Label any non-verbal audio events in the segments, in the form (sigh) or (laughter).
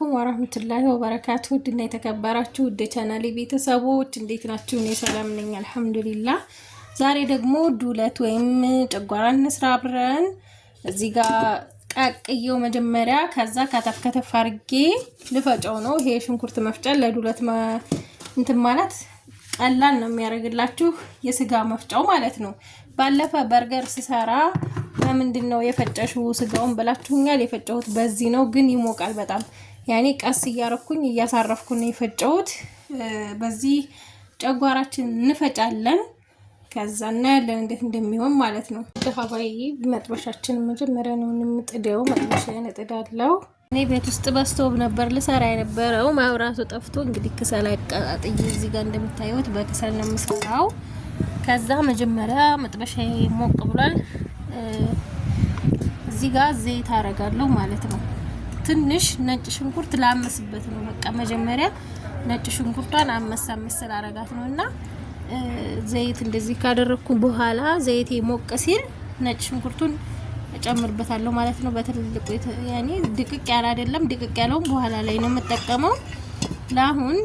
አለይኩም ወራህመቱላሂ ወበረካቱ ውድና የተከበራችሁ ውድ ቻናሌ ቤተሰቦች እንዴት ናችሁ? እኔ ሰላም ነኝ አልሐምዱሊላ። ዛሬ ደግሞ ዱለት ወይም ጨጓራ እንስራ አብረን። እዚህ ጋር ቀቅየው መጀመሪያ፣ ከዛ ከተፍ ከተፍ አድርጌ ልፈጨው ነው። ይሄ ሽንኩርት መፍጫ ለዱለት እንትን ማለት ቀላል ነው የሚያደርግላችሁ፣ የስጋ መፍጫው ማለት ነው። ባለፈ በርገር ስሰራ በምንድን ነው የፈጨሽው ስጋውን ብላችሁኛል። የፈጨሁት በዚህ ነው፣ ግን ይሞቃል በጣም ያኔ ቀስ እያረኩኝ እያሳረፍኩ ነው የፈጨሁት። በዚህ ጨጓራችን እንፈጫለን። ከዛ እናያለን እንዴት እንደሚሆን ማለት ነው። ሀባይ መጥበሻችን መጀመሪያ ነው የምጥደው። መጥበሻዬን እጥዳለሁ። እኔ ቤት ውስጥ በስቶብ ነበር ልሰራ የነበረው። መብራቱ ጠፍቶ እንግዲህ ክሰል አቀጣጥዬ እዚህ ጋር እንደምታዩት በክሰል ነው የምሰራው። ከዛ መጀመሪያ መጥበሻ ሞቅ ብሏል። እዚህ ጋር ዘይት አረጋለሁ ማለት ነው። ትንሽ ነጭ ሽንኩርት ላመስበት ነው። በቃ መጀመሪያ ነጭ ሽንኩርቷን አመሳ መሰል አረጋት ነው እና ዘይት እንደዚህ ካደረግኩ በኋላ ዘይቴ ሞቅ ሲል ነጭ ሽንኩርቱን እጨምርበታለሁ ማለት ነው። በትልልቁ ያኔ ድቅቅ ያለ አይደለም። ድቅቅ ያለውም በኋላ ላይ ነው የምጠቀመው። ለአሁን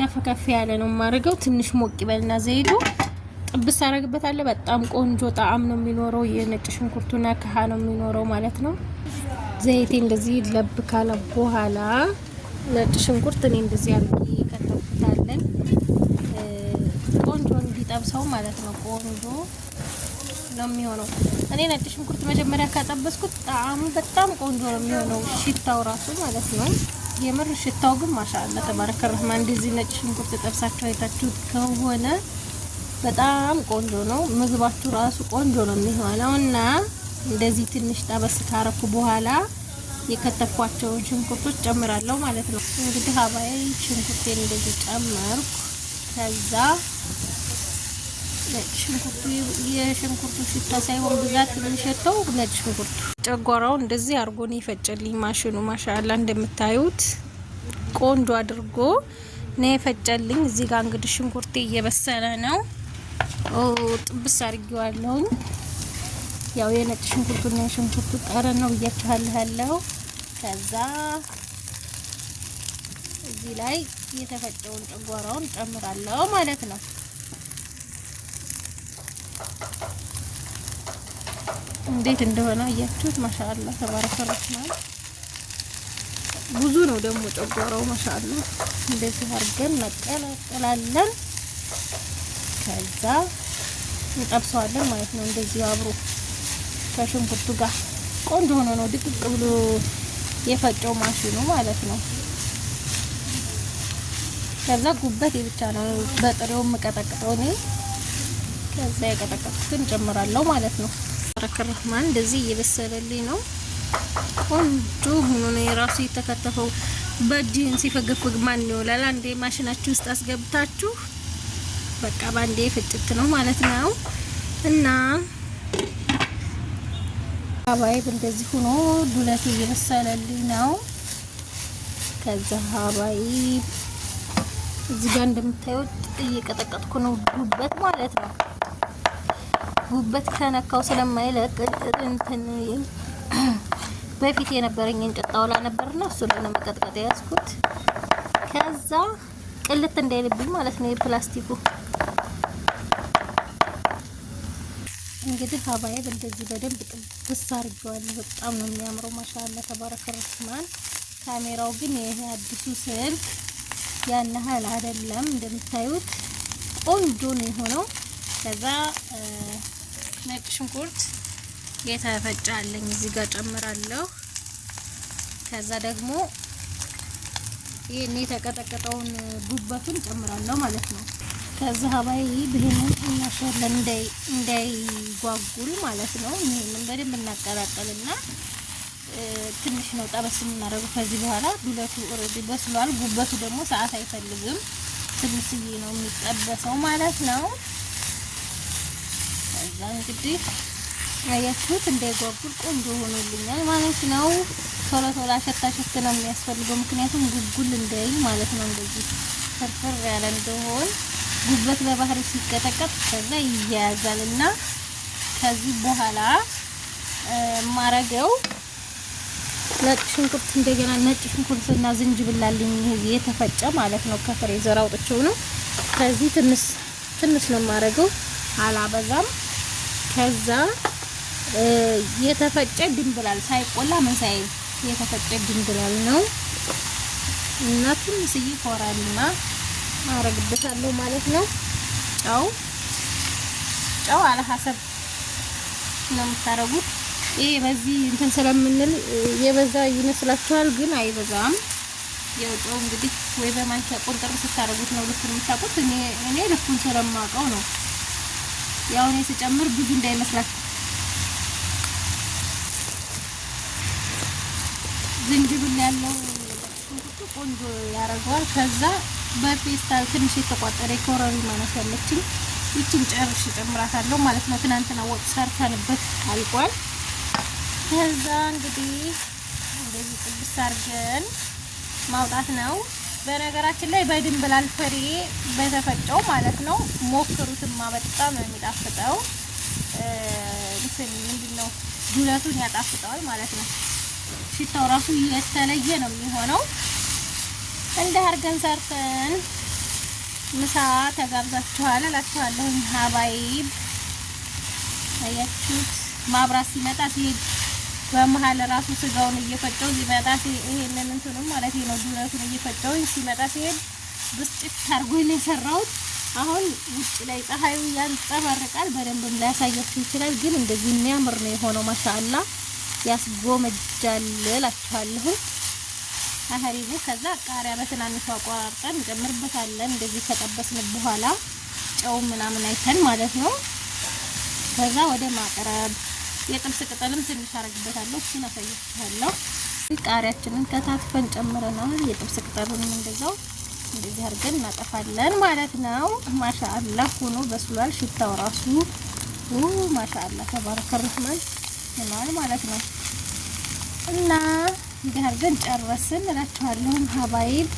ከፍ ከፍ ያለ ነው የማደርገው። ትንሽ ሞቅ ይበልና ዘይቱ ጥብስ አደርግበታለሁ። በጣም ቆንጆ ጣዕም ነው የሚኖረው። የነጭ ሽንኩርቱና ከሃ ነው የሚኖረው ማለት ነው። ዘይቴ እንደዚህ ለብ ካለ በኋላ ነጭ ሽንኩርት እኔ እንደዚህ አድርጌ ከተፍታለን። ቆንጆ እንዲጠብሰው ማለት ነው። ቆንጆ ነው የሚሆነው። እኔ ነጭ ሽንኩርት መጀመሪያ ካጠበስኩት ጣዕሙ በጣም ቆንጆ ነው የሚሆነው፣ ሽታው ራሱ ማለት ነው። የምር ሽታው ግን ማሻአላ ተባረከ ረህማን። እንደዚህ ነጭ ሽንኩርት ጠብሳችሁ አይታችሁት ከሆነ በጣም ቆንጆ ነው። ምግባችሁ ራሱ ቆንጆ ነው የሚሆነው እና እንደዚህ ትንሽ ጠበስ ካረኩ በኋላ የከተፍኳቸውን ሽንኩርቶች ጨምራለሁ ማለት ነው። እንግዲህ ሀባይ ሽንኩርቴን እንደዚህ ጨመርኩ። ከዛ ሽንኩርቱ የሽንኩርቱ ሽታ ሳይሆን ብዛት የሚሸተው ነጭ ሽንኩርቱ ጨጓራው እንደዚህ አድርጎን ይፈጨልኝ ማሽኑ። ማሻላ እንደምታዩት ቆንጆ አድርጎ ነው የፈጨልኝ። እዚህ ጋር እንግዲህ ሽንኩርቴ እየበሰለ ነው። ጥብስ አድርጌዋለሁኝ። ያው የነጭ ሽንኩርቱና የሽንኩርቱ ጠረን ነው ብያችኋለሁ ያለው። ከዛ እዚህ ላይ የተፈጨውን ጨጓራውን ጨምራለሁ ማለት ነው። እንዴት እንደሆነ አያችሁት። ማሻአላ ተባረከ ረህማን። ብዙ ነው ደግሞ ጨጓራው ማሻአላ። እንደዚህ አድርገን መቀላቀላለን። ከዛ እንጠብሰዋለን ማለት ነው እንደዚህ አብሮ ከሽንኩርቱ ጋር ቆንጆ ሆኖ ነው ድቅቅ ብሎ የፈጨው ማሽኑ ማለት ነው። ከዛ ጉበት ብቻ ነው በጥሬው የምቀጠቅጠው እኔ። ከዛ የቀጠቀጥኩትን ጨምራለሁ ማለት ነው። ረክርህማን እንደዚህ እየበሰለልኝ ነው። ቆንጆ ሆኖ ነው የራሱ የተከተፈው። በእጅህን ሲፈገፍግ ማን ይውላል? አንዴ ማሽናችሁ ውስጥ አስገብታችሁ በቃ ባንዴ ፍጭት ነው ማለት ነው እና ሀባይብ እንደዚህ ሆኖ ዱለት እየበሰለልኝ ነው። ከዛ ሀባይብ እዚህ ጋር እንደምታዩት እየቀጠቀጥኩ ነው፣ ጉበት ማለት ነው። ጉበት ከነካው ስለማይለቅ እንትን (clears throat) በፊት የነበረኝ እንጨት ጣውላ ነበርና እሱ ላይ ነው መቀጥቀጥ ከዛ ቅልት እንዳይልብኝ ማለት ነው የፕላስቲኩ እንግዲህ ሀባይብ እንደዚህ በደንብ ጥብስ አድርጌዋለሁ። በጣም ነው የሚያምረው። ማሻአላ ተባረከ ረህማን። ካሜራው ግን ይሄ አዲሱ ስልክ ያን ያህል አይደለም። እንደምታዩት ቆንጆ ነው የሆነው። ከዛ ነጭ ሽንኩርት የተፈጨ እዚህ ጋር ጨምራለሁ። ከዛ ደግሞ ይሄን የተቀጠቀጠውን ጉበቱን ጨምራለሁ ማለት ነው። ከዛ ሀባይ ብሄንን እናሸለን እንዳይጓጉል ማለት ነው። ይሄንን በደንብ እናቀላቀልና ትንሽ ነው ጠበስ የምናደርገው። ከዚህ በኋላ ዱለቱ ኦልሬዲ በስሏል። ጉበቱ ደግሞ ሰዓት አይፈልግም። ትንሽዬ ነው የሚጠበሰው ማለት ነው። ከዛ እንግዲህ አያችሁት እንዳይጓጉል ቆንጆ ሆኖልኛል ማለት ነው። ቶሎ ቶሎ አሸት አሸት ነው የሚያስፈልገው፣ ምክንያቱም ጉጉል እንዳይል ማለት ነው። እንደዚህ ፍርፍር ያለ እንደሆን ጉበት በባህር ሲቀጠቀጥ ከዛ ይያያዛል እና ከዚህ በኋላ ማረገው ነጭ ሽንኩርት እንደገና ነጭ ሽንኩርት እና ዝንጅብል አለኝ የተፈጨ ማለት ነው። ከፍሬዘር አውጥቼው ነው። ከዚህ ትንሽ ትንሽ ነው ማረገው፣ አላበዛም። ከዛ የተፈጨ ድንብላል ሳይቆላ ምን ሳይል የተፈጨ ድንብላል ነው እና ትንሽዬ ኮራልና አረግበታለሁ ማለት ነው። ጨው ጨው አለ ነው የምታረጉት። ይሄ በዚህ እንትን ስለምንል የበዛ ይመስላችኋል፣ ግን አይበዛም። ያው ጨው እንግዲህ ወይ በማንኪያ ቁንጥር ስታረጉት ነው ልኩን የምታውቁት። እኔ እኔ ልኩን ስለማውቀው ነው። ያው እኔ ስጨምር ብዙ እንዳይመስላችሁ። ዝንጅብል ያለው ቆንጆ ያደርገዋል ከዛ በፌስታል ትንሽ የተቋጠረ የኮረሪ ማለት ያለችኝ ይችን ጨርሽ ጨምራታለሁ ማለት ነው። ትናንትና ወጥ ሰርተንበት አልቋል። ከዛ እንግዲህ እንደዚህ ጥብስ አድርገን ማውጣት ነው። በነገራችን ላይ በድንብላል ፍሬ በተፈጨው ማለት ነው። ሞክሩትማ በጣም ነው የሚጣፍጠው። ምንድን ነው ዱለቱን ያጣፍጠዋል ማለት ነው። ሽታው ራሱ የተለየ ነው የሚሆነው። እንደ አርገን ሰርተን ምሳ ተጋብዛችኋል እላችኋለሁ። ሀባይብ አያችሁት፣ ማብራት ሲመጣ ሲሄድ በመሀል ራሱ ስጋውን እየፈጨው ሲመጣ ይሄንን እንትኑ ማለት ነው ዱረቱን እየፈጨው ሲመጣ ሲሄድ ብስጭት አድርጎ ነው የሰራሁት። አሁን ውጭ ላይ ፀሐዩ ያንጸባርቃል፣ በደንብም ላያሳያችሁ ይችላል። ግን እንደዚህ የሚያምር ነው የሆነው። ማሻአላ ያስጎመጃል እላችኋለሁ። ከህሪቡ ከዛ ቃሪያ በትናንሹ አቋርጠን እንጨምርበታለን። እንደዚህ ከጠበስን በኋላ ጨው ምናምን አይተን ማለት ነው። ከዛ ወደ ማቅረብ የጥብስ ቅጠልም ትንሽ አረግበታለሁ። እሱን አሳያችኋለሁ። ቃሪያችንን ከታትፈን ጨምረናል። የጥብስ ቅጠሉንም እንደዛው እንደዚህ አድርገን እናጠፋለን ማለት ነው። ማሻአላ ሆኖ በስሏል። ሽታው ራሱ ማሻአላ ተባረከ ረህማን ማለት ነው እና እንዲህ አድርገን ጨረስን እላችኋለሁም ሀባይብ